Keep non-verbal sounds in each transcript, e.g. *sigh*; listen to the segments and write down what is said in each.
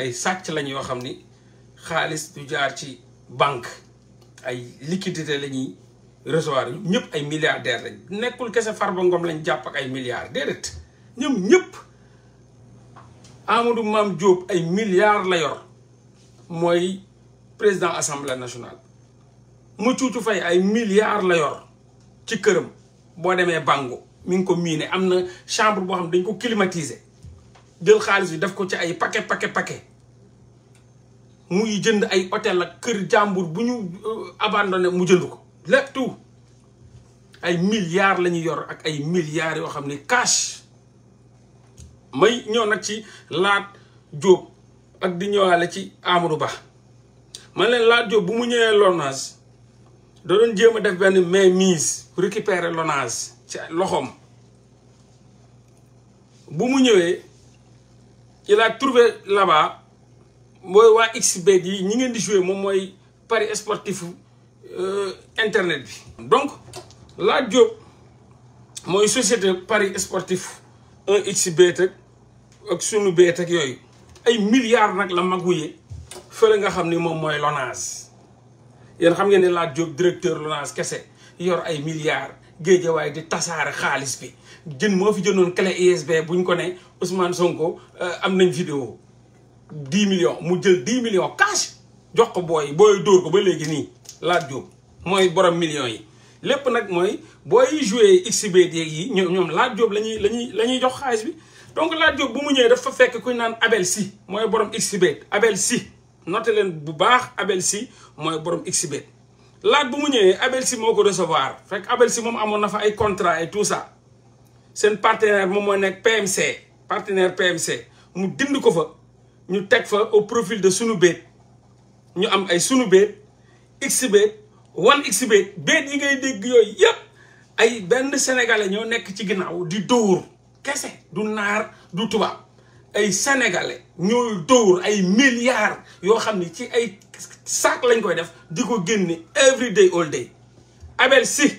ay sàcc lañ yoo xam ni xaalis du jaar ci banque ay liquidité la ñuy recevoir ñëpp ay milliardaires lañ nekkul kese Farba Ngom lañ jàpp ak ay milliards déedéet ñoom ñëpp Amadou Mame ay milliards la yor mooy président assemblée nationale Muthiou Faye ay milliards la yor ci këram boo demee bango mi ngi ko miine am na chambre boo xam ne dañ ko climatiser jël xaalis bi def ko ci ay paquet paquet paquet muy jënd ay hôtel ak kër jàmbur bu ñu euh, abandonné mu jënd ko lépp tout ay milliards la ñu yor ak ay milliards yoo xam ne cash may ñëw nag ci Lat Diop ak di ñëwaale ci Amadou Ba man leen Lat Diop bu mu ñëwee Lonase da doon jéem a def benn mainmise récupérer Lonase ci loxoom bu mu ñëwee il a trouvé là mooy waa XBet yi ñu ngeen di jouer moom mooy paris sportif euh, internet bi. donc Lat Diop mooy société paris sportif 1xBet ak ak sunu bet ak yooyu ay milliards nag la maguyee fële nga xam ni moom mooy LONASE yéen xam nga ne Lat Diop directeur LONASE kese yor ay milliards géejawaay di tasaare xaalis bi jën moo fi jëndoon clé USB buñ ko ne Ousmane Sonko euh, am nañ vidéo 10 millions mu jël 10 millions cash jox ko boy million. dóor ko ba légui ni la Diop moy borom millions yi lepp nak moy boy yi joué XBT yi ñom la donc la bu mu ñëw dafa fekk Abel Si borom XBT Abel bu baax Abel Si borom XBT bu mu Abel Si recevoir fekk Abel Si contrat et tout ça un partenaire mom mo PMC partenaire PMC mu dind ko fa. ñu teg fa au profil de sunu ñu am ay sunu béet xbet one xbet béet yi ngay dégg yooyu yépp ay benn sénégalais ñoo nekk ci ginnaaw di dóor kese du naar du tubaab ay sénégalais ñooy dóor ay milliards yoo xam ni ci ay saak lañ koy def di ko génne every day all day Abel Sy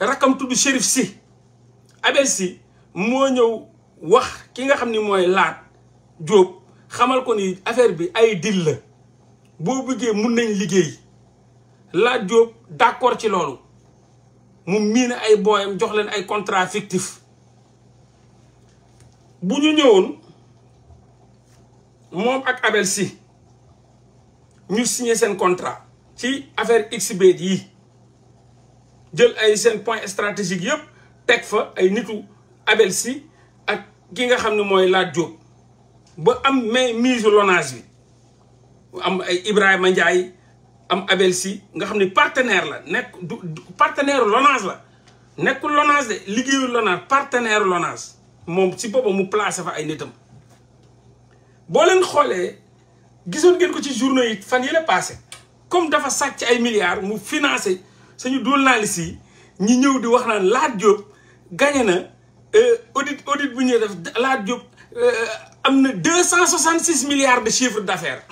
rakam tudd Chérif Sy Abel Sy moo ñëw wax ki nga xam ni mooy laat Diop xamal ko ni affaire bi ay dil la boo bëggee mun nañ liggéey Lat Diop d'accord ci loolu mu miine ay booyam jox leen ay contrat fictif bu ñu ñëwoon moom ak Abel si ñu signé seen contrat ci affaire XBET yi jël ay seen point stratégique yëpp teg fa ay nitu Abel si ak ki nga xam ne mooy Lat Diop ba am mais mise Lonase bi am ay ibrahim Ibrahima Ndiaye am Abel Si nga xam ne partenaire la nekk du partenaire Lonase la nekku Lonase de liggéeyu Lonase partenaire Lonase moom si boppam mu placé fa ay nitam boo leen xoolee gisoon ngeen ko ci journaux yi fan yële passé comme dafa sàcc ay milliards mu finance suñu journaliste yi ñi ñëw di wax naan Lat Diop gagné na euh, audit audit bu ñuy def Lat Diop euh, 266 milliards de chiffre d'affaires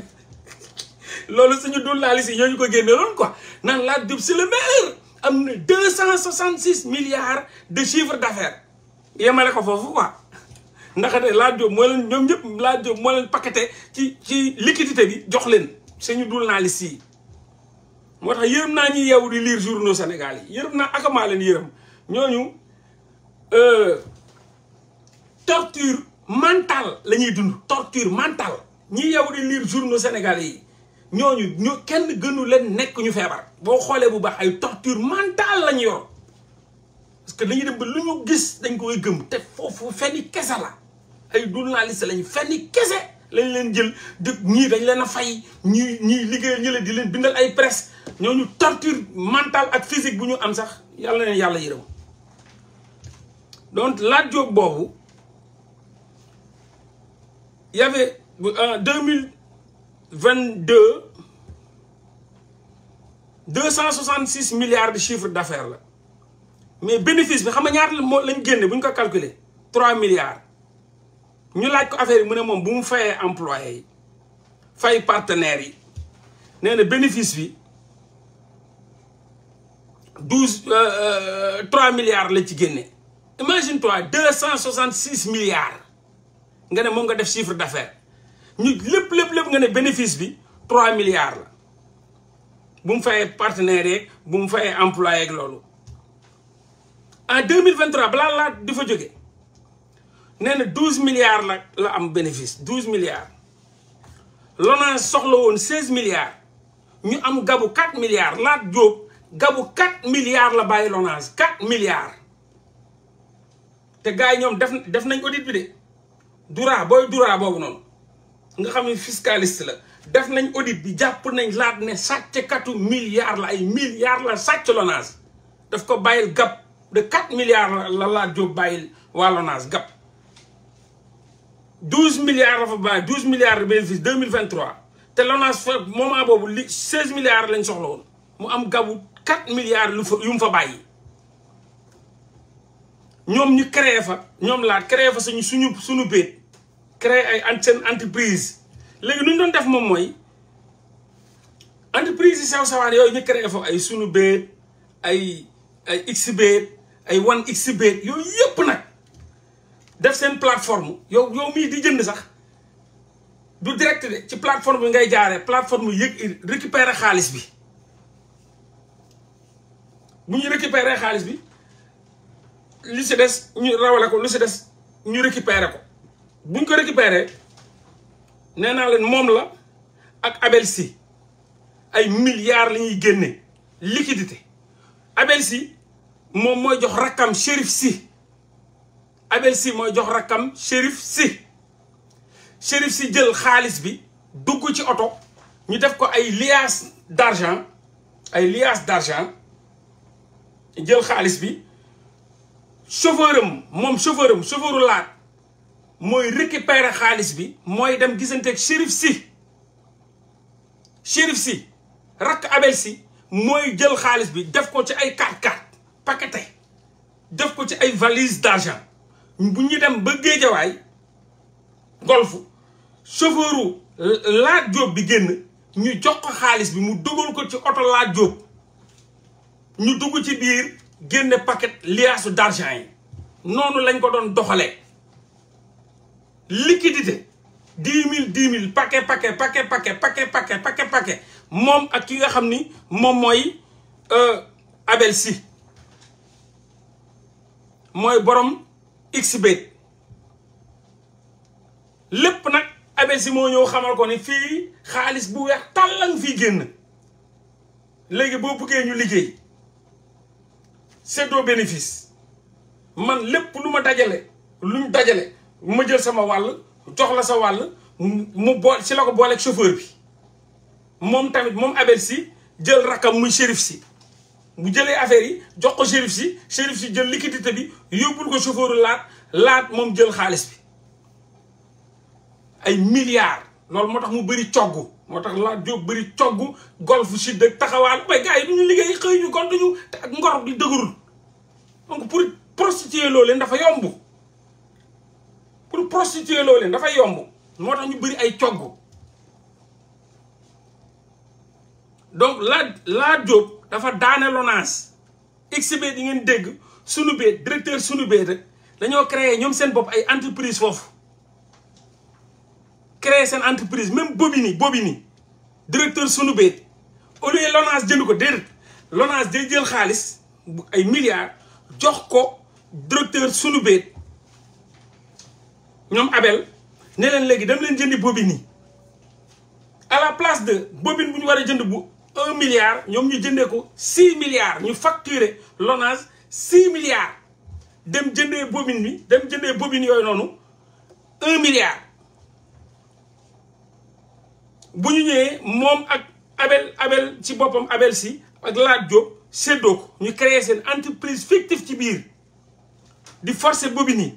*laughs* loolu suñu que ñu ko quoi Nan la c'est le meilleur Amna milliards de chiffre d'affaires Il ko fofu quoi ndaxate la Diop mo leen ñom ñep la mo paqueté ci ci liquidité bi jox leen suñu dul yeewu di lire journaux Sénégal akama euh, torture mental la ñuy dund torture mantal ñi yow di lire journaux sénégal yi ñooñu ñu kenn gënu leen nekk ñu feebar boo xoolee bu baax ay torture mental lañu ñu parce que dañuy dem ba lu ñu gis dañ koy gëm te foofu fenn kese la ay journaliste lañu fenn kese lañ leen jël di ñii dañ leen a fay ñii ñii liggéeyal ñële di leen bindal ay ñoo ñu torture mantal ak physique bu ñu am sax yàlla na yàlla yërëm donc laaj boobu il y avait en 2022 266 milliards de chiffre d'affaires mais bénéfice bi xam nga calculer 3 milliards Nous, avons ko affaire yi des partenaires yi bénéfices. bénéfice 3 euh, euh, milliards la ci imagine toi 266 milliards nga ne chiffre d'affaires ñu lepp lepp lepp nga ne bénéfice milliards la bu mu fayé partenaires et bu mu en 2023, il y a 12 milliards la bénéfices. am bénéfice milliards Nous soxla 16 milliards ñu am gabu 4 milliards la Diop gabu 4 milliards la bayé milliards té gaay ñom def def dura booy dura boobu noonu nga xam ne fiscaliste la def nañ audit bi jàpp nañ laat ne sàcckatu milliards la ay milliards la sàcc Lonase daf ko bàyyil gap de quatre milliards la laat jóob bàyyil waa Lonase gap douze milliards la fa bàyyi douze milliards de bénéfice deux te Lonase fa moment boobu li seize milliards lañ soxla woon mu am gabu quatre milliards lu fa yu mu fa bàyyi ñoom ñu créé fa ñoom laat créé fa suñu suñu suñu béet créer ay seen entreprise léegi nu doon def moom mooy entreprise yi sew sawaan yooyu ñu créé foofu ay sunu beet ay ay xbet ay wan xbet yooyu yëpp nag def seen plateforme yow yow mii di jënd sax du direct de ci plateform bi ngay jaaree plateforme yëg récupérer xaalis bi bu ñu récupérer xaalis bi lu si des ñu rawale ko lu si des ñu récupérer ko buñ ko récupéré nee naa leen moom la ak Abel Sy ay milliards la génne liquidité Abel Sy moom mooy jox rakkam Chérif Sy Abel Sy mooy jox rakkam Chérif si Chérif si jël xaalis bi dugg ci oto ñu def ko ay liasses d'argent ay liasses d'argent jël xaalis bi chauffeur am moom chauffeur am laat moy récupérer xaalis bi moy dem gisenté si shérif si abel si moy jël bi def ko ci ay suis paqueté def ko ci ay valise d'argent bu dem ba golf chauffeuru la bi génn ñu jox ko suis bi mu ko ci auto la ñu ci paquet d'argent lañ ko liquidité 10 000, 10 000, paquet paquet paquet paquet paquet paquet paquet paquet Mom, ak ki nga c'est mom, euh, Abel Si borom XB, le Abel Si moi, xamal ko ni bu bénéfice man ma jël sama wàll jox la sa wàll mu bool si la ko booleeg chauffeur bi moom tamit moom abel si jël rakkam muy shérif si bu jëlee affaire yi jox ko shérif si shérif si jël liquidité bi yóbbul ko chauffeur laat laat moom jël xaalis bi ay milliards loolu moo tax mu bëri coggu moo tax laat jóob bëri coggu golf si dëkk taxawaal bay gars yi du ñu liggéey xëy ñu gontuñu te ak ngor di dëgërul donc pour prostituer loolu leen dafa yomb pour prostituer loo leen dafay yomb moo tax ñu bëri ay cogg donc la laa Diop dafa daane LONASE XBET yi ngeen dégg Sunubet directeur Sunubet rek dañoo créer ñoom seen bopp ay entreprise foofu créer seen entreprise même Bobini Bobini directeur Sunubet au lieu LONASE jënd ko déedéet LONASE day jël xaalis bu ay milliards jox ko directeur Sunubet Nous ñom abel nous légui dañ leen jëndi Bobini. à la place de bobine nous avons jënd 1 milliard Nous avons jëndé 6 milliards Nous facturé l'onage 6 milliards Nous avons bobine mi dem jëndé bobine 1 milliard buñu ñëwé mom ak abel abel ci abel ak la djob ñu créer sen entreprise fictive ci est di forcer bobine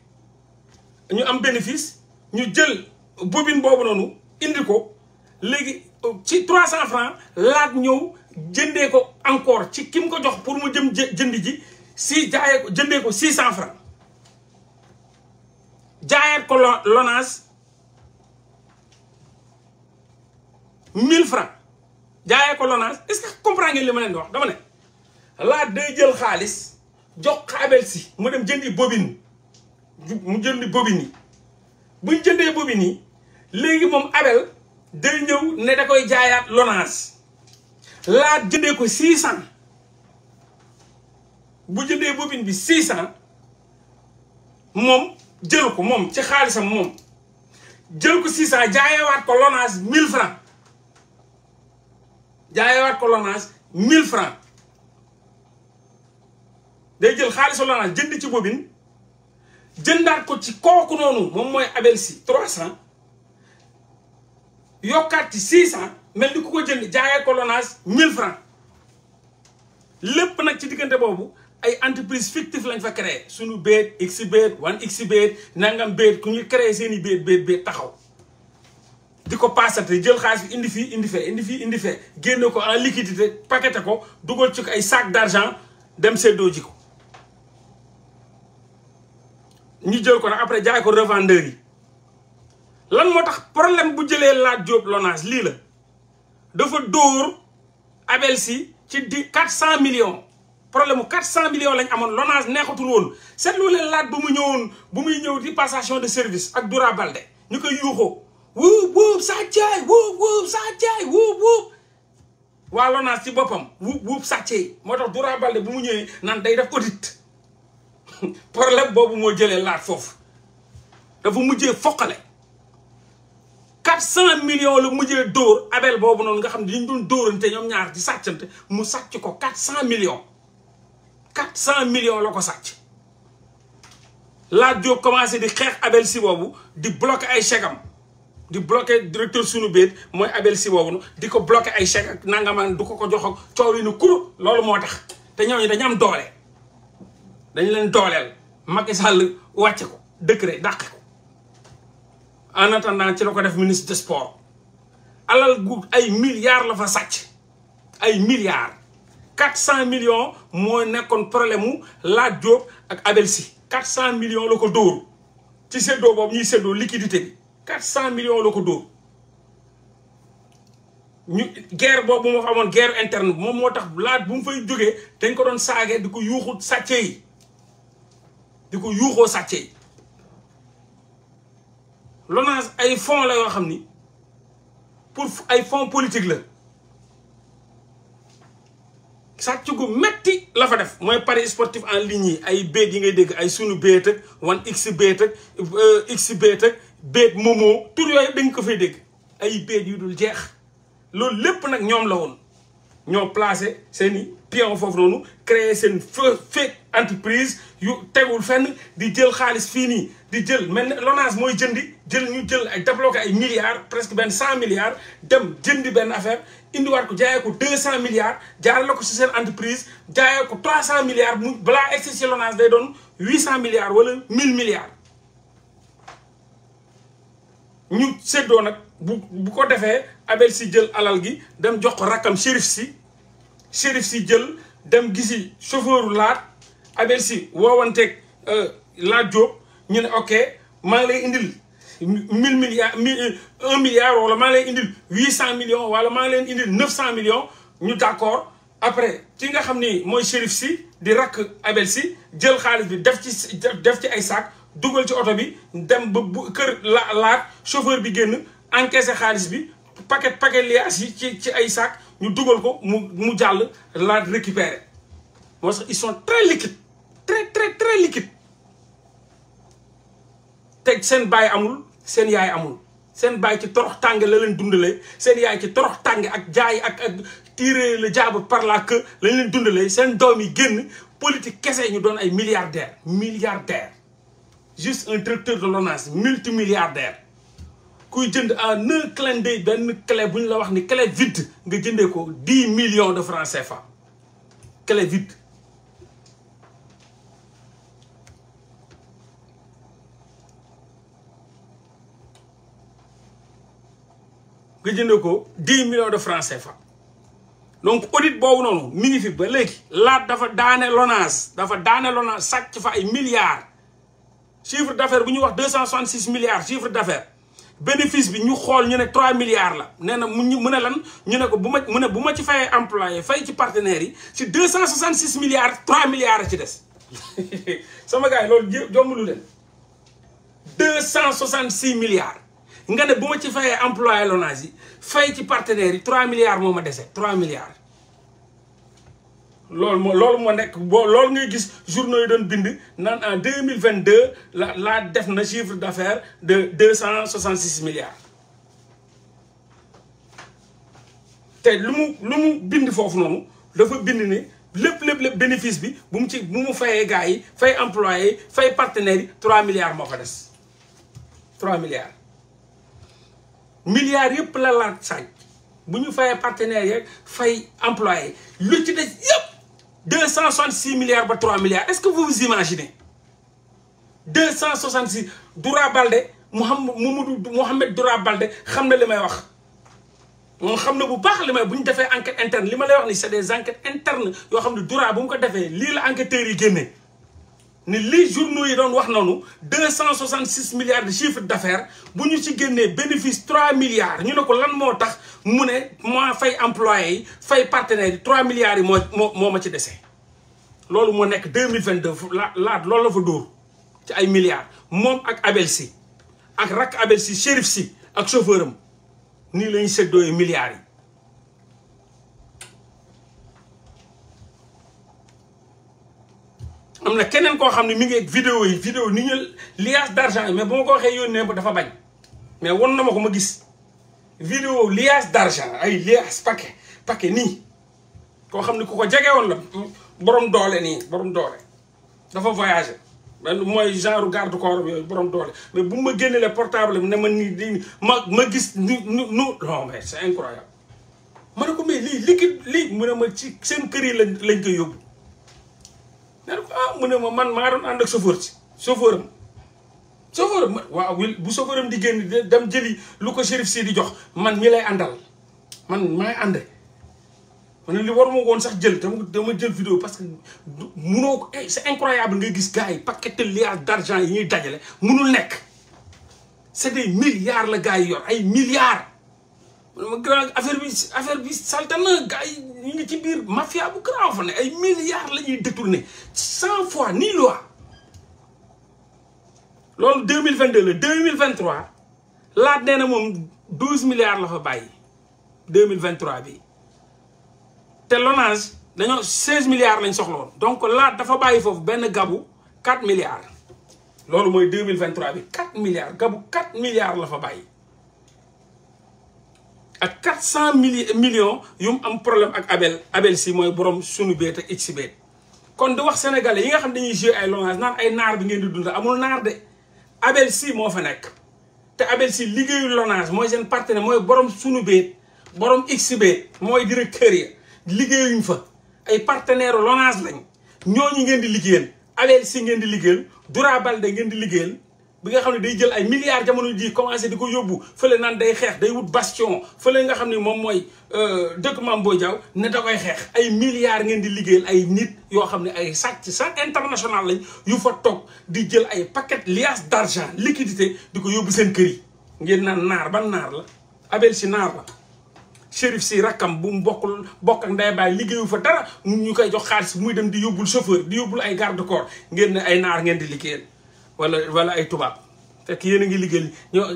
ñu am bénéfice ñu jël bobine boobu noonu indi ko léegi ci trois cent francs laat ñëw jëndee ko encore ci kim ko jox pour mu jëm jënd ji si jaayee ko jëndee ko six cent francs jaayaat ko Lonase mille francs jaayee ko Lonase est-ce que comprend ngeen li ma leen di wax dama ne laat day jël xaalis jox xaabel si mu dem jëndi bobine mu jënd bobine yi bu jëndee bobine yi léegi moom Abel day ñëw ne da koy jaayaat Lonase laat jëndee ko 600 bu jëndee bobine bi 600 moom jël ko moom ci xaalisam moom jël ko 600 jaayewaat ko Lonase 1000 francs jaayewaat ko Lonase mille francs day jël xaalisu Lonase jënd ci bobine. jëndaat ko ci kooku noonu mom moy abel si trois cent yokkaat ci six mel ni ku ko jënd jaayee colonnage 1000 francs lepp nak ci digënté bobu ay entreprise fictive lañ fa créé suñu béet x béet one x béet nangam béet ku ñuy créé seeni i béet béet taxaw diko passaté paasante jël xaalis indi fi indi fee indi fi indi fee génne ko en liquidité paqueté ko dugal ci ay sac d'argent dem seddoo ji ñu jël ko nag après jaay ko revendeur yi lan moo tax problème bu jëlee Lat jóob Lonase lii la dafa dóor Abel si ci di quatre cent million problème mu quatre cent million lañ amoon Lonase neexatul woon seetlu leen laat bu mu ñëwoon bu muy ñëw di passation de service ak Doura Balde ñu koy yuuxoo wuub wuub sàccaay wuub wuub sàccaay wuub wuub waa Lonase ci boppam wuub wuub sàccaay moo tax Doura Balde bu mu ñëwee naan day def audit *laughs* problème bobu mo jëlé laat me dafa que fokalé faux. 400 millions le mujjé dor abel bobu non nga xam di ñu doon ñaar di mu ko millions 400 millions lako ko sàcc laaj commencé di abel si bobu di bloquer ay chégam di bloquer directeur sunu abel si bobu di ko ay chèque du ko ko jox ak kuru tax am dañ leen dooleel Macky Sall wàcce ko décret dàqe ko en attendant ci la ko def ministre de sport alal gu ay milliards la fa sàcc ay milliards quatre cent millions moo nekkoon problème mu Lat Diop ak Abel Sy quatre cent millions la ko dóor ci séddoo boobu ñuy séddoo liquidité bi cent millions la ko dóor ñu guerre boobu moo fa amoon guerre interne moom moo tax laat bu mu fay jógee dañ ko doon saagee di ko yuuxu sàcce diko ko yuuxoo sàcce yi ay fonds la yo xamni pour ay fonds politique la sàcc gu metti la fa def moy paris sportif en ligne ay béet yi ngay dégg ay sunu béet ak wan x béet ak euh, x béet ak béet momo tur yoy dañ ko fay dégg ay béet yu dul jeex lool lepp nak ñom la won ñoo placer seen i pion foofu noonu créé seen fake entreprise yu téwul fenn di jël xaaliss fi ni di jël melni lonage moy jëndi jël ñu jël ay débloquer ay milliards presque ben 100 milliards dem jëndi ben affaire indi war jaay ko 200 milliards jaar la ko ci seen entreprise jaay ko 300 milliards bla excessif lonage day don 800 milliards wala 1000 milliards ñu seddo nak bu ko défé abel si jël alal gi dem jox ko rakam shérif chérif shérif si jël dem gisi chauffeur là, Abel Sy woowanteeg euh, La Diop ñu ne ok maa lay indil 1 un milliard wala lay millions wala millions Nous, d'accord. après ki nga shérif Abel jël bi def ci def ci ci bi dem la chauffeur bi génn encaissé xaliss bi paquet paquet yi ci ci ay sac ñu dougal ko mu la récupérer ils sont très liquides très très très liquide Tek sen bay amul sen yaay amul Sen bay ci torox tàng la leen dundalee sen yaay ci torox tàng ak jaay ak ak tirer le diable par la queue lañ leen dundalee sen domi yi politique kessé ñu don ay milliardaire milliardaire juste un directeur de l'ONAS multimilliardaire Qui jënd un clin d'œil benn clé bu ñu la wax ni clé vide nga ko dix millions de francs CFA clé vide nga 10 millions de francs CFA donc audit bon non mini ngi fi ba des laat dafa daane des dafa milliards chiffre d'affaires 266 milliards chiffre d'affaires bénéfice bi ñu 3 milliards la nee mu ñu des lan employé partenaires *laughs* c'est 266 milliards 3 milliards c'est ci gars yi 266 milliards. Vous avez dit que vous emploi à l'ONASI, vous partenaire, 3 milliards, de avez 3 milliards. C'est ce que vous avez dit, en 2022, la, la def un chiffre d'affaires de 266 milliards. Ce que bindi fofu nonu dafa bindi ni lepp lepp bénéfice bi bu mu un bu mu fay employé fay partenaire 3 milliards 3 milliards milliards yep la la tsaj bu ñu fayé partenaire yek fay employé lu 266 milliards par 3 milliards est-ce que vous vous imaginez 266 Doura Balde Mohamed Mohamed je Balde xam na limay wax on xam na bu baax limay buñ défé enquête interne que je wax ni c'est des enquêtes internes yo xam ni Doura bu ko défé li la enquêteur yi génné ni li journaux yi doon wax noonu deux cent soixante six milliards de chiffre bu ñu ci génnee bénéfice trois milliards ñu ne ko lan moo tax mu ne maa fay employé yi fay partenaires yi trois milliards yi moo moo moo ma ci dese. loolu moo nekk deux mille vingt deux la laat loolu la fa dóor ci ay milliards moom ak Abel si ak rakk Abel si shérif si ak chauffeur am nii la ñu séddoo milliards yi. Je ne sais xamni mi ngi ak vidéo yi vidéo ni d'argent mais bon, ko ba dafa mais won ma gis vidéo liage d'argent ay liage paquet paquet ni. ne la borom doole ni, borom dafa ben genre garde corps borom mais bu ma portable je ne ma pas ma gis non c'est incroyable Je ko mais liquide nee na ko ah, man maa doon ànd ak chauffeur ci chauffeur am chauffeur am waaw bu chauffeur di génn dem jëli lu ko shérif si di jox man mi lay àndal man maay ànd ma ne li waruma woon sax jël dama dama jël vidéo parce que munoo ko eh, c'est incroyable ngay gis gars yi paquet de milliards d'argent yi ñuy dajale munul nekk c'est des milliards la gars yi yoon ay milliards Je affaire de la mafia. Il y a des milliards détournés. 100 fois, ni loi. L'année 2022, 2023, 12 milliards de 2023, il 16 milliards de travail. Donc, il faut a 4 milliards. L'année 2023, 4 milliards, 4 milliards de travail. ak 400 mili millions yu mu am problème ak Abel Abel si mooy borom sunu beet ak si beet kon di wax sénégalais yi nga xam dañuy jouer ay longages naan ay naar bi ngeen di dund amul naar de Abel si moo fa nekk. te Abel si liggéeyu lonage mooy seen partenaire mooy borom sunu beet borom x beet mooy directeur ya liggéeyuñ fa ay partenaire lonage lañ ñoo ñooñu ngeen di liggéeyal Abel si ngeen di liggéeyal Dura Balde ngeen di liggéeyal. bi nga xam ne day jël ay milliards jamono jii commencé di ko yóbbu fële naan day xeex day wut bastion fële nga xam ne moom mooy euh, dëkk Mame Boye Diao ne da koy xeex ay milliards ngeen di liggéeyal ay nit yoo xam ne ay sàcc sax international lañ yu fa toog di jël ay paquet liasse d'argent liquidité di ko yóbbu seen kër yi naan naar ban naar la Abel si naar la shérif si rakkam bu mu bokkul bokk ak nday baay liggéeyu fa dara ñu koy jox xaalis muy dem di yóbbul chauffeur di yóbbul ay garde corps ngeen ne ay naar ngeen di liggéeyal wala wala ay tubaab fekk yéen ngi liggéey ñoo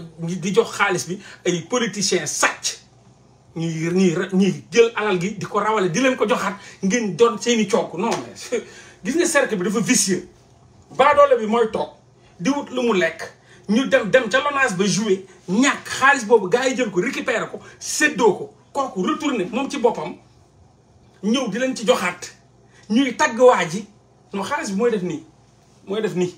di jox xaalis bi ay politiciens sàcc ñuy ñi ñi jël alal gi diko rawale di leen ko joxat ngeen doon seeni i non mais *laughs* gis nga cercle bi dafa vicieux doole bi moy tok di wut lu mu lekk ñu dem dem ca LONASE ba jouer ñak xaalis bobu gaay jël ko récupérer ko seddo ko koku retourner mom ci bopam ñew di leen ci joxat ñuy tag waaji ji non xaalis bi moy def ni moy def ni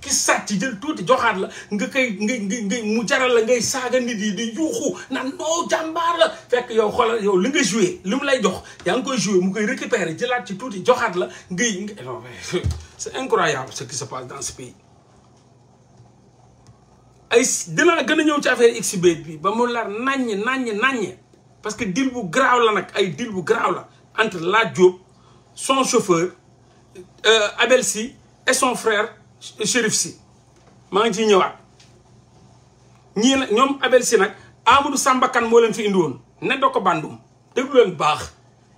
ki ci jël tuuti joxaat la nga koy nga nga mu jaral la ngay saaga nit yi di yuuxu naan noo jàmbaar la fekk yow xoolal yow li nga joué li mu lay jox yaa ngi koy joué mu koy récupérer jëlaat ci tuuti joxaat la ngay *laughs* non *laughs* c'est incroyable ce qui se passe dans ce pays ay dinaa gën a ñëw ci affaire XBET bi ba mu lar naññ naññ naññ parce que deal bu garaaw la nag ay deal bu garaaw la entre laa Diop son chauffeur euh, Abel et son frère shérif si maa ngi ciy ñëwaat ñii nag ñoom Abel si nag Amadou Samba Kane moo leen fi indiwoon woon neddo ko bandum déglu leen baax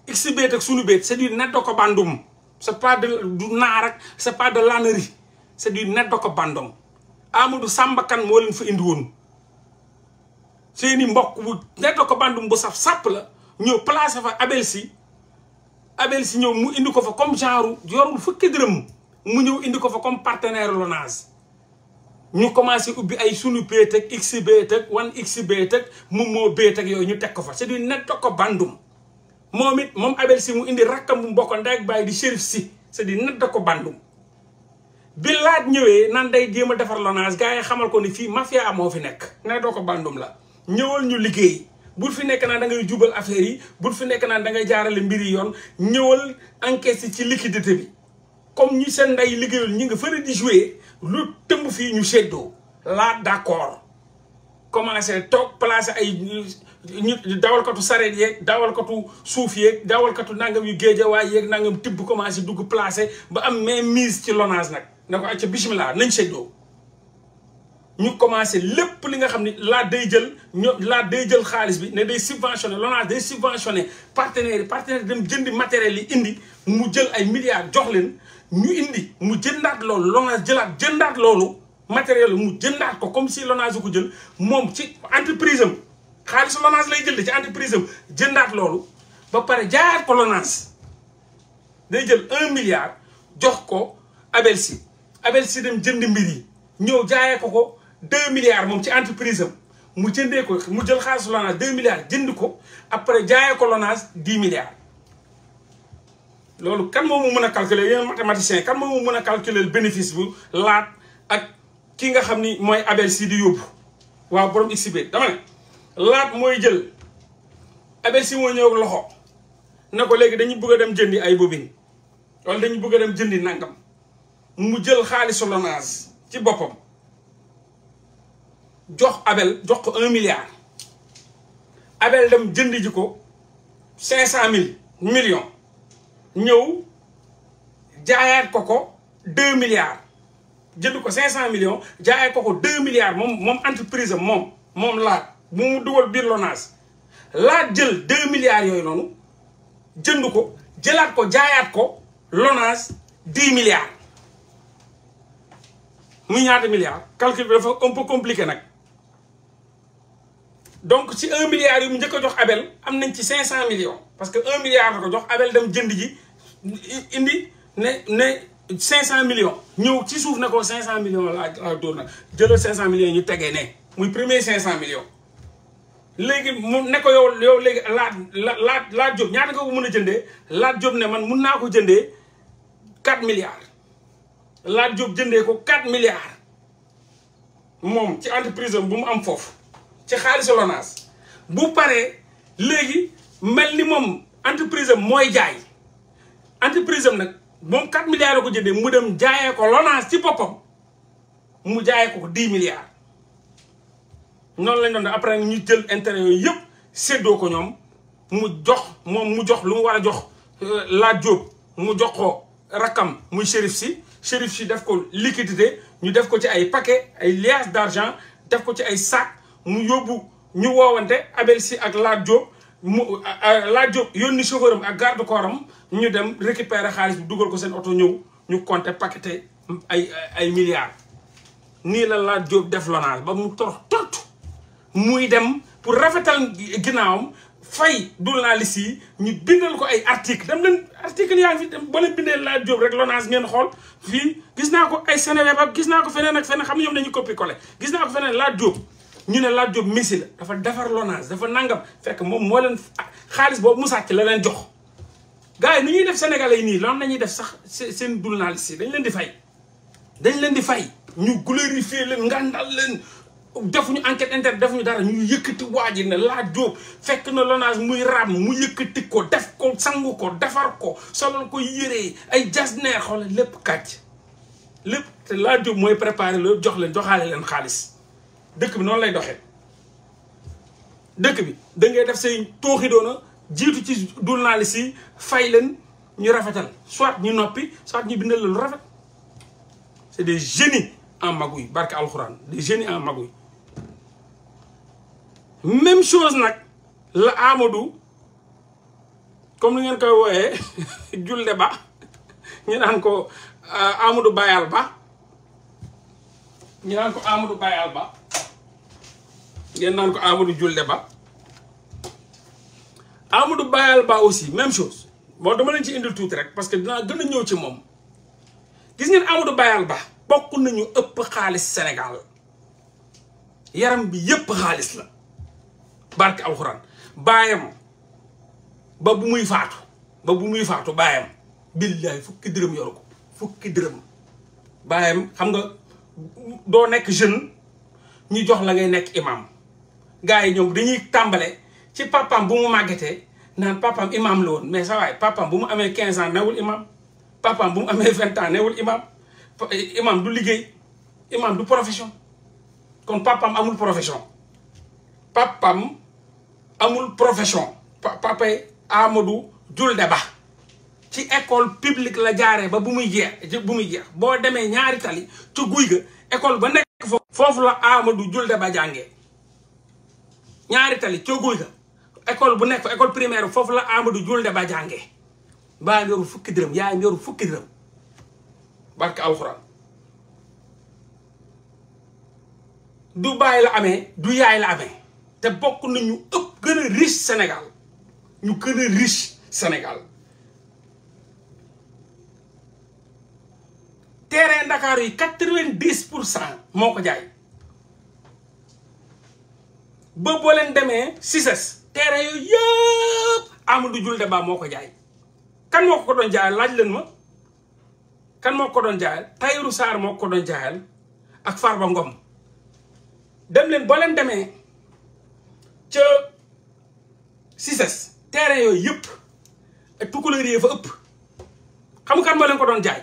x béet ak sunu béet c'est du neddo ko bandum c'est pas de du naar ak c'est pas de lannerie c'est du neddo ko bandum Amadou Samba Kane moo leen fi indiwoon woon seeni mbokk bu neddo ko bandum bu saf sàpp la ñëw placé fa Abel si Abel si ñëw mu indi ko fa comme genre bu fukki dërëm mu ñëw indi ko fa comme partenaire Lonase ñu commencé ubbi ay sunu béet ak e xbéet ak e wan xbéet ak e moom moo béet yooyu ñu teg ko fa c'est du netto ko bandum moom it moom Abel si mu indi rakkam bu mbokk ndey ak bàyyi di shérif si c'est du netto ko bandum bi laat ñëwee nan day jéem a defar Lonase gars yi xamal ko ni fii mafia amoo fi nekk netto ko bandum la ñëwal ñu liggéey bul fi nekk naan da ngay jubal affaire yi bul fi nekk naan da ngay jaarale mbiri yoon ñëwal encaisse ci liquidité bi comme nous seen nday ñi nga jouer lu Là, Nous ñu Là, d'accord commencé ay ñu nous sareet Nous nangam yu nangam commencé dugg placer ba am main mise ci lonage sur nako bismillah ñu commencé lepp li nga xamni Nous jël la jël bi ne day subventionné lonage day subventionné partenaires partenaire dem matériel yi indi mu jël ay milliards ñu indi mu jëndaat loolu Lonase jëlaat jëndaat loolu matériel mu jëndaat ko comme si Lonase ko jël moom ci entreprise am xaalisu Lonase lay jël ci entreprise am jëndaat loolu ba pare jaayaat ko day jël un milliard jox ko Abel si Abel si dem jënd mbir yi ñëw jaayee ko ko deux milliards moom ci entreprise am mu jëndee ko mu jël xaalis Lonase deux milliards jënd ko après jaayee ko Lonase dix milliards. loolu kan moo mu mën a calculer yéen mathématicien kan moo mu mën a calculer bénéfice bu laat ak ki nga xam ni mooy Abel si di yóbbu waaw borom XB dama ne laat mooy jël Abel si moo ñëw loxo na ko léegi dañu bugg a dem jëndi ay bobine wala dañu bëgg a dem jëndi nangam mu jël xaalisu Lonase ci boppam jox Abel jox ko un milliard Abel dem jëndi ji ko cinq cent mille million nous, avons 2 milliards. avons 500 millions, nous avons 2 milliards, mon, entreprise, mon, mon nous avons nous avons 2 milliards, nous avons 10 milliards, Nous avons 10 milliards. Milliards de milliards, calcul un peu compliqué. Donc, si 1 milliard, j'ai encore Abel, j'ai 500 millions. Parce que 1 milliard, j'ai encore Abel, j'ai encore 500 indi ne ne. 500 millions ñeu ci 500 millions la laa dóor 500 millions ñu tégué né muy premier 500 millions légui mu ne yow nga man mëna ko 4 milliards la job ko 4 milliards mom ci entreprise bu mu am ci bu entreprise entreprise am nag moom 4 milliards la ko jëndee mu dem jaayee ko LONASE ci boppam mu jaayee ko 10 milliards noonu lañ doon après ñu jël intérêt yooyu yëpp séddoo ko ñoom mu jox moom mu jox lu mu war a jox euh, Lat Diop mu jox ko rakkam muy shérif si shérif si def ko liquidité ñu def ko ci ay paquet ay liasses d'argent def ko ci ay sac mu yóbbu ñu woowante Abel ak Lat Diop mu euh, Lat Diop yónni chauffeur am ak garde corps am ñu dem récupérer xaalis bu dugal ko seen oto ñëw ñu compter paqueté ay ay milliards. nii la Lat Diop def Lonase ba mu torox tontu muy dem pour rafetal ginnaawam fay journaliste yi ñu bindal ko ay article dem leen article yaa ngi fi dem ba leen bindee Lat Diop rek Lonase ngeen xool fii gis naa ko ay Sénégalais ba gis naa ko feneen ak feneen xam ñoom dañuy copier coller gis naa ko feneen Lat Diop. ñu ne Lat Diop messi dafa defar Lonase dafa nangam fekk moom moo leen xaalis boobu mu sàcc la leen jox. gars yi nu ñuy def sénégalais yi nii loolu nañuy def sax seen journaliste si dañ leen di fay dañ leen di fay ñu yi glorifier leen ngandal leen defuñu enquête interne defuñu dara ñu yëkkati waa ji laa jóob fekk na lonage muy ràmm mu yëkkati ko def ko sangu ko defar ko solal ko yére ay jas neer lépp kàcc lépp te laa jóob mooy préparé loolu jox leen joxaale leen xaalis dëkk bi noonu lay doxee dëkk bi da ngay def say tooxi doona jiitu ci journaliste si fay leen ñu rafetal soit ñu noppi soit ñu bindal lu rafet c'est des génies en magouille barke alxuraan des génies en magouille même chose nag la Amadou comme ni ngeen koy wooyee *laughs* julde ba ñu naan ko euh, Amadou Bayal Ba ñu naan ko Amadou Bayal Ba ngeen naan ko Amadou julde ba Amadou Bayal Ba aussi même chose moo dama leen ci indil tuuti rek parce que dinaa gën a ñëw ci moom gis ngeen Amadou Bayal baax bokk nañu ëpp xaalis senegal yaram bi yëpp xaalis la barke alxuraan baayam ba bu muy faatu ba bu muy faatu baayam billahi fukki dërëm yoru ko fukki dërëm baayam xam nga doo nekk jeune ñu jox la ngay nekk imam gaa yi ñoom dañuy tàmbale ci papam bu magété nan papa papam imam l'on mais ça waay papam bu amé 15 ans newul imam papam bu amé 20 ans newul imam imam du liggéey imam du profession comme papam amul profession papam amul profession papay Amadou Julde Ba ci école publique la jaaree ba bu muy jeex bu muy jeex ñaari tali ci guuyga école ba nekk fofu la Amadou Julde Ba ñaari tali ci guuyga école bu nek école primaire fofu la Amadou Julde ba jàngee ba yoru fukki dërëm yaay yoru fukki dërëm barke alcorane du baye la amé du yaay la amé té bokku nu ñu ëpp gëna a riche Sénégal ñu gëna riche Sénégal terrain Dakar yi 90% moko jaay ba terrain yooyu amu Amadou Jules Demba moo jaay kan moko ko don jaay laaj len ma kan moko ko don jaay tayru sar moko ko don jaayal ak Farba Ngom dem leen boo leen demee ca Cices terrain yooyu yëpp ak tukkuleer yi fa ëpp xam kan mo len ko don jaay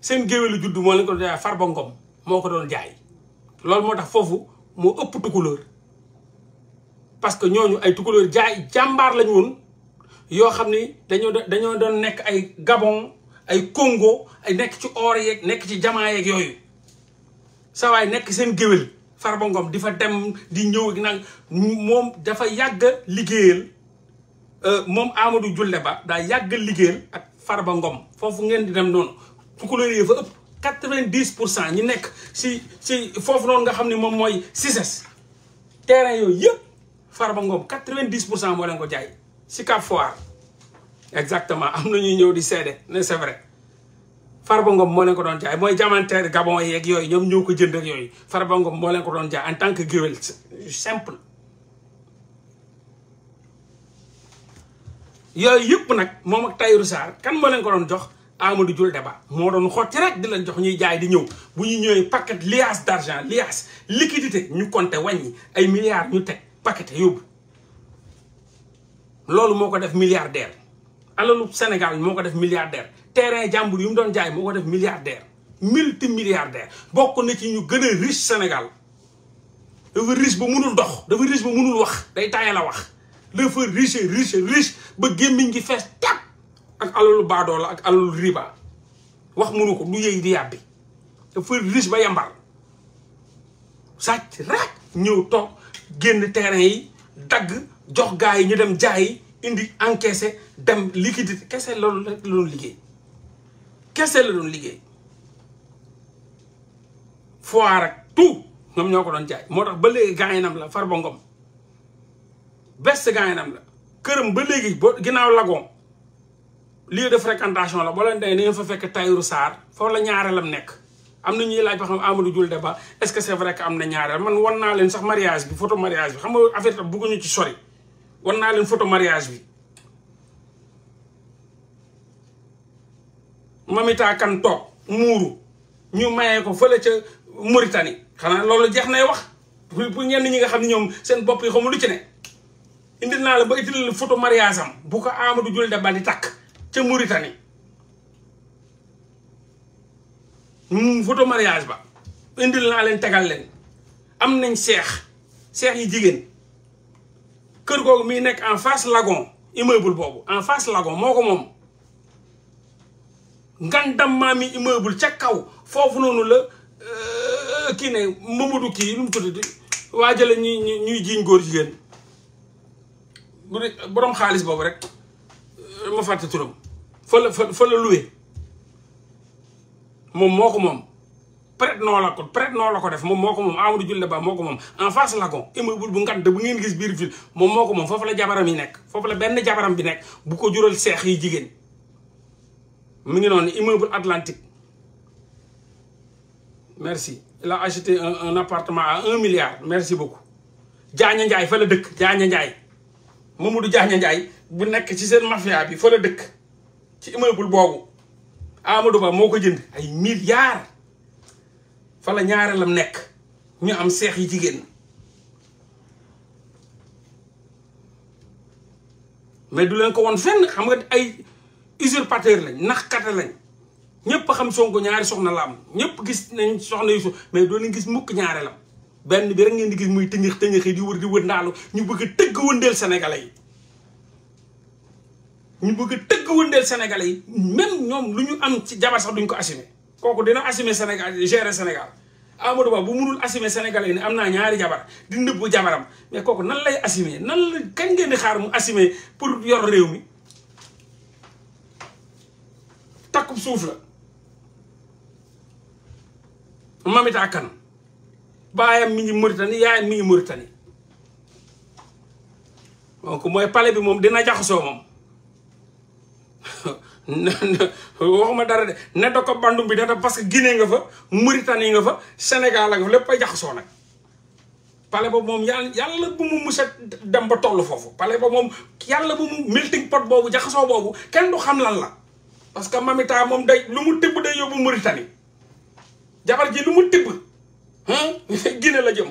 seen géwélu juddu mo len ko don jaay Farba Ngom moko don jaay loolu motax fofu mo moo ëpp parce que ñooñu ay tukulóor jaay jàmbaar lañu woon yoo xam ni dañoo dañoo doon nekk ay Gabon ay Congo ay nekk ci or yeeg nekk ci jamaa yeeg yooyu saa nekk seen géwél Farba Ngom di fa dem di ñëw ak nag moom dafa yàgg liggéeyal euh, moom Amadou Julle ba daa yàgg liggéeyal ak Farba Ngom foofu ngeen di dem noonu tukulóor yi fa ëpp quatre-vingt-dix pour cent ñi nekk si si foofu noonu nga xam ne moom mooy CICES terrain yooyu yëpp Farba Ngom 90 pour cent moo leen ko jaay si Cap Foire exactement am na ñuy ñëw di seede ne c'est vrai Farba Ngom moo leen ko doon jaay mooy jamanteer Gabon yeeg yooyu ñoom ñëw ko jënd ak yooyu Farba Ngom moo leen ko doon jaay en tant que géwél simple. yooyu yëpp nag moom ak Tahirou Sarr kan moo leen ko doon jox Amadou Diol ba moo doon xotti rek di leen jox ñuy jaay di ñëw bu ñu ñëwee paquet liasse d'argent liasse liquidité ñu compter wàññi ay milliards ñu teg. paqueté yóbbu loolu moo ko def milliardaire alalu Sénégal moo ko def milliardaire terrain jàmbur yu mu doon jaay moo ko def milliardaire multi milliardaire bokk na ci ñu gën a riche Sénégal dafa riche ba mënul dox dafa riche ba mënul wax day taaye la wax dafa riche riche riche ba gémmiñ gi fees tàpp ak alalu baadoo la ak alalu riba wax mënu ko du yëy di yàbbi dafa riche ba yambal sàcc rek ñëw toog génn terrain yi dagg jox gars yi ñu dem jaayi indi encaissé dem liquidité kese loolu rek la doon liggéey kese la doon liggéey foire ak tout ñoom ñoo ko doon jaay moo tax ba léegi gaañinam la Farba Ngom best gaañinam la këram ba léegi boo ginnaaw lagoon lieu de fréquentation la boo leen day na ngeen fa fekk Tahirou Sarr foofu la ñaareelam nekk am na ñuy laaj ba xam Amadou Diouf Débat est-ce que c'est vrai que am na ñaareel man wan naa leen sax mariage bi photo mariage bi xam nga affaire tam bëgguñu ci sori wan naa leen photo mariage bi. Mamita Kan toog muuru ñu mayee ko fële ca Mauritanie xanaa loolu jeex nay wax pour ñenn ñi nga xam ne ñoom seen bopp yi xamu lu ci ne. indi naa la ba indil la photo mariage am bu ko amadu Amadou de Débat di takk ca Mauritanie. mu hmm, photo mariage ba indil naa leen tegal leen am nañ seex seex yi jigéen kër googu mi nekk en face lagon immeuble boobu en face lagon moo ko moom ngandam maami immeuble ca kaw foofu noonu la euh, kii ne kii nu mu tudd waa jële ñuy ñuy jiiñ góor jigéen bu boroom xaalis boobu rek euh, ma fàtte turam fa la fa la luwe moom moko mom moom prête noo la ko prête noo la ko def moom moko mom Amadou Julle Ba moko mom en face la ko immeuble bu ngand bu ngeen gis bir ville moom moko mom fofu la jabaram yi nek fofu la benn jabaram bi nek bu ko djural cheikh yi jigéen mu ngi noonu immeuble Atlantique merci il a acheté un un appartement à 1 milliard merci beaucoup Diagne Ndiaye fa la deuk Diagne Ndiaye Mamadou Diagne Ndiaye bu nek ci sen mafia bi fa la deuk ci immeuble boobu Amadou Ba moo ko jënd ay milliards fa la ñaareelam nekk ñu am seex yi jigéen mais du leen ko woon fenn xam nga ay pater lañ naxkate lañ ñëpp xam Sonko ñaari soxna la am ñëpp gis nañ soxna yu so mais doo leen gis mukk ñaareelam benn bi rek ngeen di gis muy tëñëx tëñëx yi di wër di wër ndaalu ñu bëgg a tëgg wëndeel sénégalais yi. ñu bëgg a tëgg wëndeel Sénégalais yi même ñoom lu ñu am ci jabar sax duñ ko assumer kooku dina assumer Sénégal gérer Sénégal Amadou Ba bu munul assumer Sénégalais yi ne am naa ñaari jabar di nëbbu jabaram mais kooku nan lay assumer nan la kañ ngeen xaar mu assumer pour yor réew mi suuf la Mamita Kane baayam mi ngi Mauritanie yaayam mi ngi Mauritanie donc mooy palais bi moom dina soo moom waxuma dara de ne da ko bandum bi data parce que Guinée nga fa Mauritanie nga fa Sénégal nga fa lépp a jaxasoo nag palais boobu moom yàlla yàlla bu mu musa dem ba toll foofu palais ba moom yàlla bu mu melting pot boobu jaxasoo boobu kenn du xam lan la parce que mamita moom day lu mu tibb day yóbbu Mauritanie jabar ji lu mu tibb *laughs* Guinée la jëm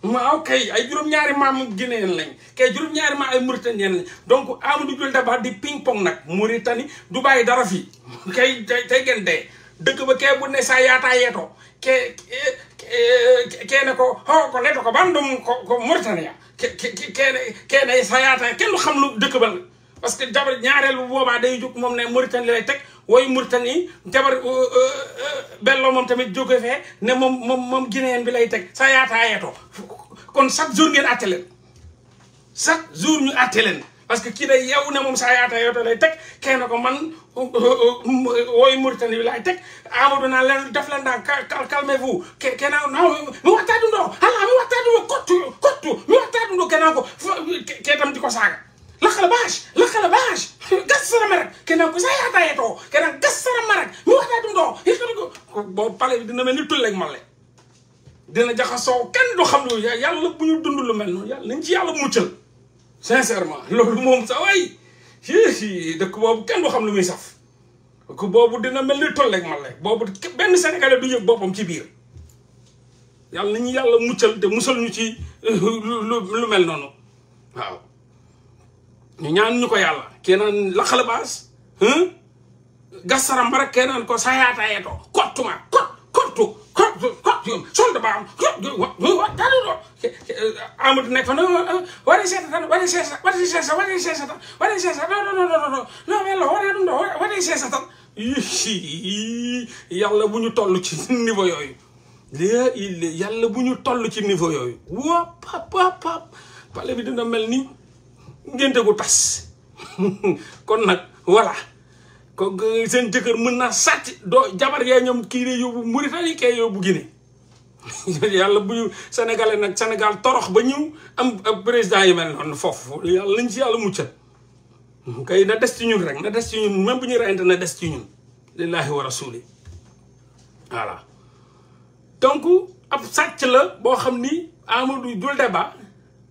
waaw ah, kay ay juróom-ñaari maam Guinéen lañ ke juróom-ñaari maam ay Mauritanien lañ donc Amadou Diol Daba di ping pong nag Mauritanie du bàyyi dara fii kay tey tey ngeen dee dëkk ba kee bu ne saa yaataa yeetoo kee kee ne ko xoo oh, ko neto ko bandum ko ko Mauritania ke kee ne kee ne saa yaataa kenn du xam lu dëkk ba la parce que jabar ñaareelu boobaa day jóg moom ne Mauritanie lay teg woy Mauritanie jabar euh, euh, euh, Bello moom tamit jóge fee ne moom moom moom Guinéen bi lay teg sa yaataayeetoo kon chaque jour ngeen jour ñu àtte parce que kii day yeewu ne moom saa yaataayeetoo lay teg kenn ko man woy Mauritanie bi lay teg Amadou naa leen def leen daan calmez vous ke kenaa non mi waxtaadu ndoo ala mi waxtaadu ndoo kottu kottu mi waxtaadu ndoo kenaa ko ke tam ko saaga lakkalabash lakkalabash gassara marak kenan ko sa yatayeto kenan gassara marak mi waɗa ɗum dina mel ni tullek malle dina jaxasoo kenn du xam lu yàlla bu ñu dund lu mel noonu yàlla nañ ci yàlla muccal sincèrement loolu moom sa waay si dëkk boobu kenn du xam lu muy saf dëkk boobu dina mel ni tolleeg male boobu benn sénégalais du yëg boppam ci biir yàlla nañu yàlla muccal te musal ñu ci euh, lu mel noonu ñu ñaan ñu ko yàlla kenaan laxala baas gas saram bara kenaan ko sayaatayeto kottuma kot kottu kottu kottu solde baam wattaɗuɗo euh, amadou nekk fana waɗi seesa tan waɗi seesa waɗi seesa waɗi seesa tan waɗi seesa no no no no no wello waɗa ɗum ɗo waɗi seesa tan yàlla bu ñu toll ci niveau yooyu lée il yàlla bu ñu toll ci yooyu wa pap pap bi dina mel nii ngénte gu tass *laughs* kon nak wala ko seen jëkkër mën na do jabar ye ñom ki re yobu Mauritanie ke yobu Guinée yalla bu ñu *laughs* ya nak nag Sénégal torox ba ñëw am ab président yu mel non foofu yalla lañ ci yalla muccal hmm, kay na dess ci ñun rek na dess ci ñun même bu ñu reyante na dess ci ñun lillahi wa rasuli voilà donc ap sàcc la bo xamni Amadou dul débat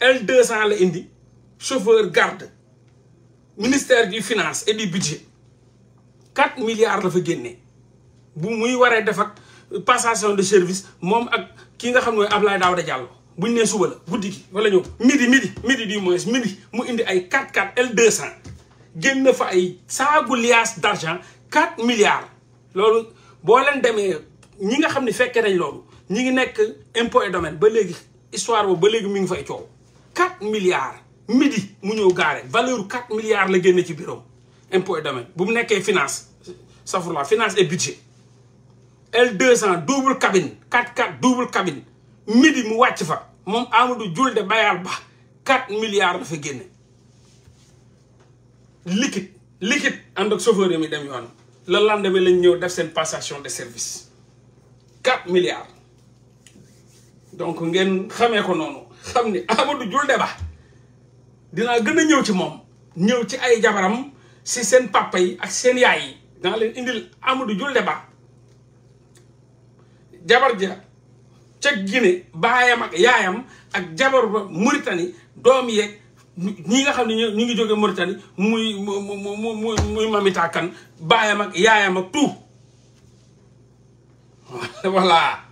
L200 la indi chauffeur garde ministère du finance et du budget 4 milliards la fa génnee bu muy waree def ak passation de service moom ak kii nga xam ne mooy Abdoulaye Daouda Diallo buñ nee suba la guddi gi wala ñëw midi midi midi du moins midi mu indi ay 4-4 L200 génn fa ay saagu liasse d'argent 4 milliards loolu boo leen demee ñi nga xam ne fekkee nañ loolu ñi ngi nekk impôt et domaine ba léegi histoire boobu ba léegi mi ngi fa fay coow. 4 milliards midi mu ñeu garé valeur 4 milliards la génne ci bureau impôt et domaine bu mu nekkee finance safurla finance et budget L200 double cabine 4-4 double cabine midi mu wacc fa mom Amadou Julde Bayal Ba 4 milliards la fa liquide liquide ànd ak chauffeur yi dem yoon le lendemain lañ ñeu def sen passation de service 4 milliards donc ngeen xamé ko nonou xam ni Amadou Diouldé Ba dinaa gën a ñëw ci moom ñëw ci ay jabaram si seen papa yi ak seen yaay yi dinaa leen indil Amadou Diouldé Ba jabar ja ca Guinée baayam ak yaayam ak jabar ba Mauritanie doom yeeg ñi nga xam ne ñu ngi jóge Mauritanie muy mu mu mu muy mamita kan baayam ak yaayam ak tout *laughs* voilà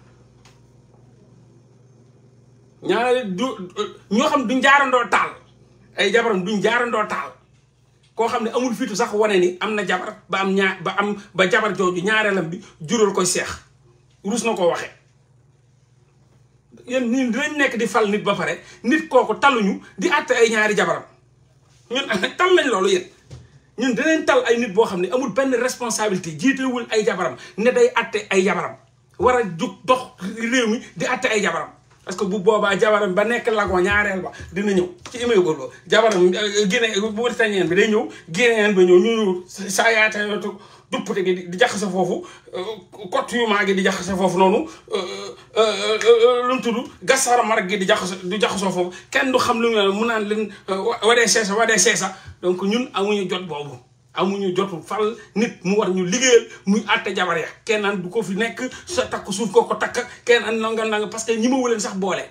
ñaare du ñoo xam ne duñ jaarandoo taal ay jabaram duñ jaarandoo taal koo xam ne amul fitu sax wane ni am na jabar ba am ñaar ba am ba jabar jooju ñaareelam bi jural koy seex rus na ko waxee yéen ñun nekk di fal nit ba pare nit kooku taluñu di àtte ay ñaari jabaram ñun tal lañ loolu yéen ñun dinañ tal ay nit boo xam ne amul benn responsabilité jiitewul ay jabaram ne day àtte ay jabaram war a jug dox réew mi di àtte ay jabaram parce que bu boobaa jabaram ba nekk lagon ñaareel ba dina ñëw ci immigol ba jabaram euh, Guinée Mauritanien bi day ñëw Guinéen ba ñëw ñu ñëw saa yaatayootu duppute gi di jaxase foofu kott euh, yu maa gi di jaxase foofu noonu euh, lu mu tudd gasara di jaxase di jaxasoo foofu kenn du xam lu mu mun mu naan leen wadee seesa wadee seesa donc ñun amuñu jot boobu amuñu jotu fal nit mu war ñu liggéeyal muy àtte jabar ya kenn an du ko fi nekk sa takk suuf ko ko takk kenn an nanga nanga parce que ñi ma wuleen sax boole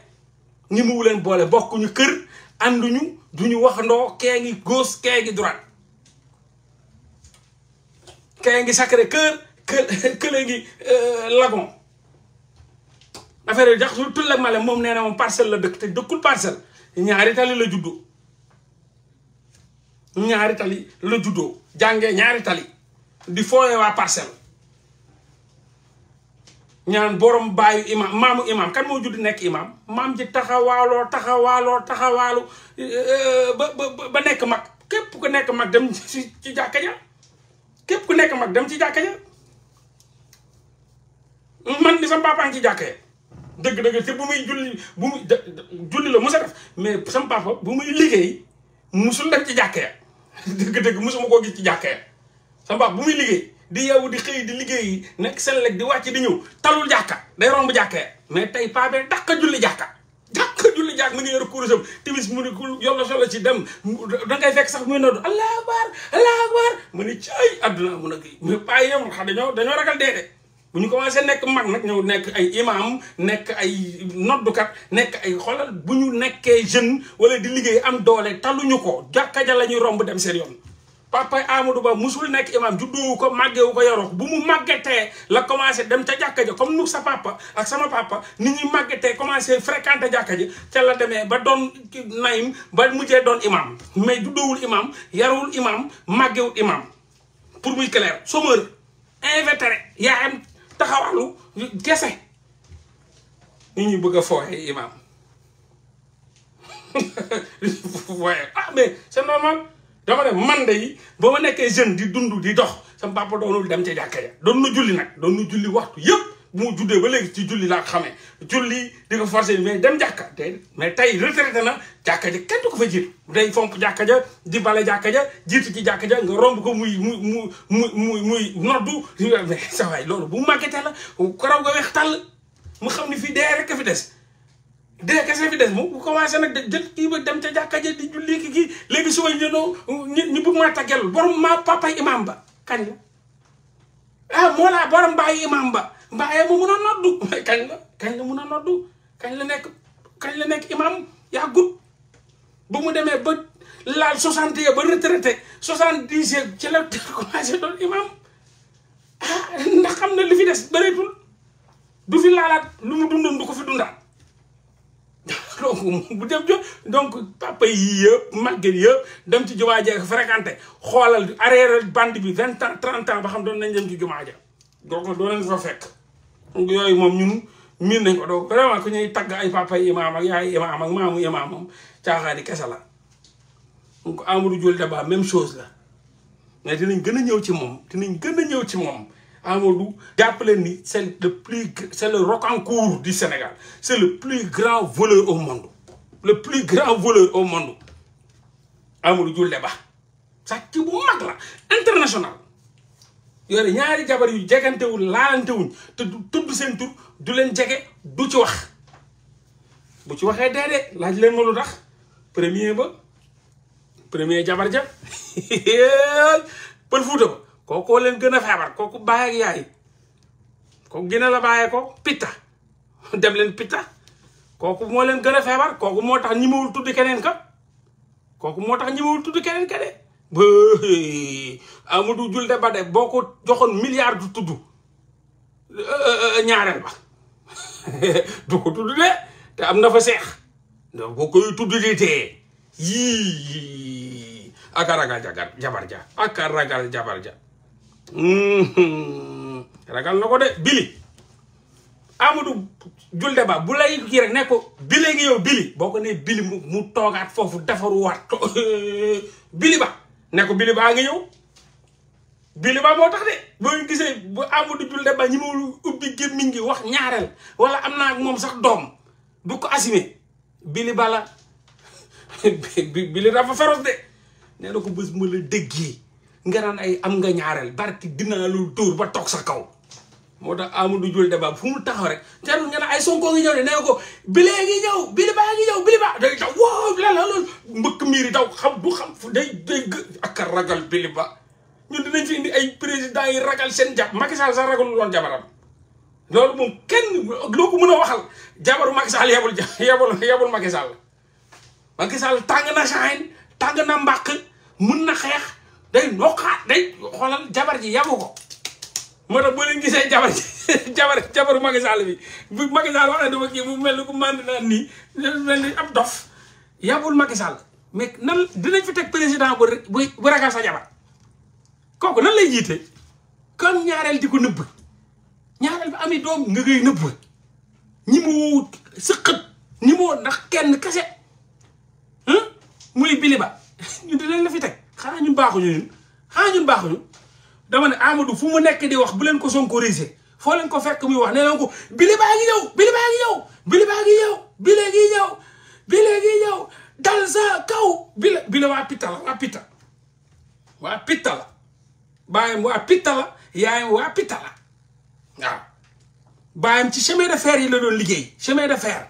ñi ma wuleen boole bokkuñu kër ànduñu duñu waxandoo kee ngi gauche kee ngi gi kee ngi Sacré-Cœur kële *laughs* ngi euh, Lagon affaire yi jax su tulle male moom nee na moom parcelle la dëkk te dëkkul parcelle ñaari tali la juddoo ñaari tali la juddoo jangé ñaari tali di foné wa parcel ñaan borom bayu imam mamu imam kan mo judd nek imam mam ji taxawalo taxawalo taxawalu eh, ba ba nek mak kep ku nek mak dem ci ci kep nek kemak ku nek mak dem ci jàkka man ni sama papa ngi ci jàkka juli, juli te bu muy julli bu muy julli la musa def mais sama papa bu muy liggéey musul dem ci dëgg-dëgg mosuma koo gis ci jàkkee sa mbaax bu muy liggéey di yeewu di xëy di liggéey nekk seen lekk di wàcc di ñëw talul jàkka day romb jàkkee mais tey paa bee dàq julli jàkka jàkk julli jàkk mu ngi yor kuréelam timis mu ne yollo solo ci dem da ngay fekk sax muy noddu allah akbar allah mu ne caay adduna mu ne kii mais paa yi yemul xam dañoo dañoo ragal dee de bu ñu commencé nekk mag nag ñëw nekk ay imam nekk ay noddukat nekk ay xolal bu ñu nekkee jeune wala di liggéey am doole taluñu ko jàkka ja la ñuy romb dem seen yoon. papa Amadou Ba musul nekk imam juddoowu ko màggewu ko yaroo bu mu màggetee la commencé dem ca jàkka ja comme nu sa papa ak sama papa nit ñuy màggetee commencé fréquenté jàkka ja ca ba doon naim ba mujjee doon imam mais juddoowul imam yarawul imam màggewul imam pour muy clair taxawalu gese nit ñi bëgg a fooye imaam fooye *laughs* ah mais c'est normal dama ne man de yi ba ma nekkee jeune di dund di dox sama papa doonul dem ca jàkka ja doon na julli nag doon na julli waxtu yëpp bu mu juddee ba léegi ci julli laa ko xamee julli di ko forcé mais dem jàkka tey mais tey retraité na jàkka ja kenn du ko fa jiitu day fomp jàkka ja di bale jàkka ja jiitu ja nga romb ko muy muy muy muy muy noddu mais sa waay loolu bu màggetee la karaw ga weex tàll mu xam ni fii dee rek a kese fi des mu commencé nag jël kii ba dem ca jàkka ja di julli ki kii léegi su ma ñënoo ñu bëgg maa tàggal borom maa papay imam ba kañ la ah moo laa borom bàyyi imam ba mbaaye mu mun noddu kañ la kañ la mun noddu kañ la nek kañ la nek imam gut bu mu demee ba la 60 ya ba retraité 70 dix ya, ci la commencé doon imam ah, ndax xamna li fi dess beretul du fi lalat lu mu dundoon du ko fi dundaat donc bu dem jo donc papa yi yëpp màgget yëpp dem ci djumaaje ja fréquenté xolal arrière bande bi 20 ans 30 ans ba xam doon nañ dem ci djumaaje donc doo leen fa fek yooyu mom ñun miin nañ ko do vraiment ko ñuy tag ay papa imam ak yaay imam ak maamu imaam moom caaxaani kessa la donc Amadou Diol Daba même chose la mais dinañ gëna a ñëw ci mom dinañ gën a ñëw ci mom Amadou jàppaleen ni c'est le plus c'est le roc en Rocancourt du Sénégal c'est le plus grand voleur au monde le plus grand voleur au monde Amadou Diol Daba sàcc bu mag la international yore ñaari jabar yu jegantewul laalantewuñ te du tudd seen tur du leen jege du ci wax bu ci waxee déedéet laaj leen ma lu tax premier ba premier jabar ja *laughs* pël fuuta ba kookoo leen gën a feebar kooku baay yaay kooku gën a la ko pitta *laughs* dem leen pitta kooku moo leen gën a feebar kooku moo tax ñi mawul tudd keneen ka kooku moo tax ñi mawul tudd keneen ka de Amadou Julde Bade boo ko joxoon milliard du tudd euh, euh, ñaareel ba *laughs* du ko tudd de te am na fa seex da boo koy tudd di tee yii ak a ragal jagar jabar jabar ja mm-hmm. ragal na ko de bili Amadou Julde Ba bu lay kii rek ne ko yow bili boo ko nee bili mu toogaat foofu defaru *laughs* bili ba ne ko Bili Ba nga ñëw Bili Ba moo tax de boo gisee bu Amadou Diouf de ba ñi ma ubbi gémmiñ ngi wax ñaareel wala am naa ak moom sax doom du ko assumé Bili Ba la *laughs* Bili dafa féroce de nee na ko bës ma la déggee nga naan ay am nga ñaareel barki dinaa lu dóor ba toog sa kaw. motax amu Amadou jul débat fu taxaw rek jarul nga ay Sonko ngi ñew ne ko bile ngi ñëw bile baa ngi ñew bile baa day taw waaw la la loolu mbuk miri taw xam du xam fu day deg ak ragal bile ba ñun dinañ ci indi ay president yi ragal sen jàpp Macky Sall sax ragalul woon jabaram loolu mu kenn loku mëna waxal jabaru Macky Sall yebul *laughs* yebul yebul Macky Sall Macky Sall tang na xayn tang na mbàq mëna xex day noqaat day xolal jabar ji yabu ko moo tax boo leen gisee jabar *laughs* jabar jabaru Macky Sall bi bu Macky Sall wax ne dama kii mu mel ni ku màndi naan nii mel ni ab dof yàbbul Macky Sall mais nan dinañ fi teg président bu bu bu sa jabar kooku nan lay jiite kan ñaareel di ko nëbb ñaareel bi ami doom nga koy nëbb ñi mu woo ndax kenn kese muy biliba ñu *laughs* dinañ la fi teg xanaa ñun baaxuñu ñun xanaa ñun baaxuñu dama ne Amadou fu mu nekk di wax bu leen ko Sonko corrigé foo leen ko fekk muy wax nee leen ko bili baa ngi ñëw bili baa ngi ñëw bili baa ngi ñëw bile gi bile gi ñëw kaw bile bile waa pitta la waa pitta waa pitta la waa pitta la yaayam waa pitta la waaw baayam ci chemin de fer yi la doon liggéey chemin de fer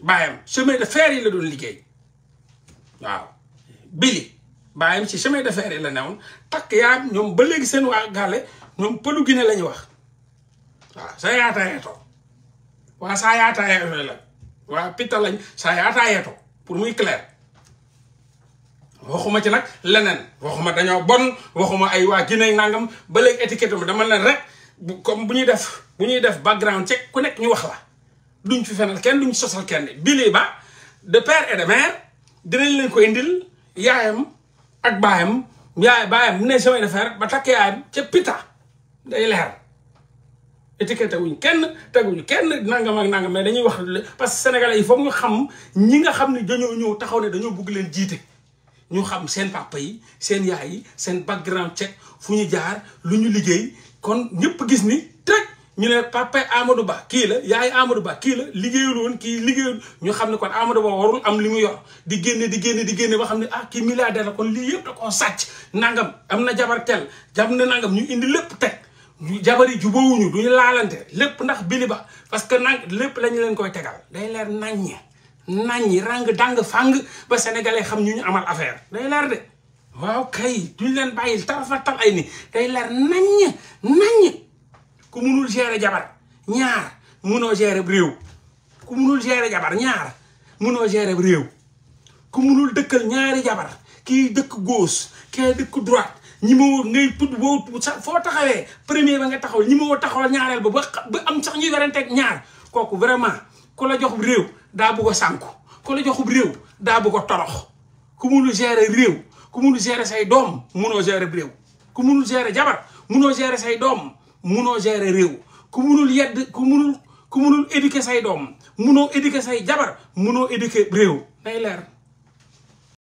baayam chemin de fer yi la doon liggéey waaw bili bàyyam ci chemin de fer yi ñoom ba léegi seen waa ñoom pëlu Guinée la ñu wax waaw sa yaataayeetoo waa saa la waa pour muy clair ci nag leneen waxuma dañoo bon waxuma ay waa Guinée nangam ba léegi étiquette bi dama leen rek comme bu ñuy def bu ñuy def background check ku nekk ñu wax duñ fi fenal kenn duñ sosal kenn bi lii ba de père dinañ leen ko indil yaayam. ak baayam yaay baayam mu ne chemin de fer ba takk yaayam ca pita day leer étiquette wuñ kenn teguñu kenn nangam ak nangam mais dañuy wax parce que sénégalais yi foog ñu xam ñi nga xam ne dañoo ñëw taxaw ne dañoo bëgg leen jiite ñu xam seen papa yi seen yaay yi seen background check fu ñu jaar lu ñu liggéey kon ñëpp gis ni teg ñu ne papa Amadou Ba kii la yaay Amadou Ba kii la liggéeyul woon kii liggéeyul ñu xam ne kon Amadou Ba warul am li mu yor di génne di génne di génne ba xam ne ah kii milliardaire la kon lii yëpp da koo sàcc nangam am na jabar tel jam na nangam ñu indi lépp teg jabar yi jubóowuñu duñu laalante lépp ndax bili ba parce que nag lépp lañu leen koy tegal day leer naññ naññ rang dang fang ba sénégalais xam ñu ñu amal affaire day leer de waaw duñ leen bàyyil tarafatal ay ni day leer naññ naññ ku munul gérer jabar ñaar muno gérer réew ku munul gérer jabar ñaar muno gérer réew ku munul dekkal ñaari jabar ki dekk gos, ki dekk droite ñi mo ngay put boo fo taxawé premier ba nga taxaw ñi mo taxaw ñaarel ñaareel ba ba am sax ñuy ak ñaar koku vraiment ku la jox réew da bëgg sanku sànku ku la joxub réew da bëgg a torox ku munul gérer réew ku munul gérer say dom muno gérer réew ku munul gérer jabar muno gérer say dom. munoo gérer réew ku munul yedd ku munul ku munul éduquer say doom munoo éduquer say jabar munoo éduquer réew day leer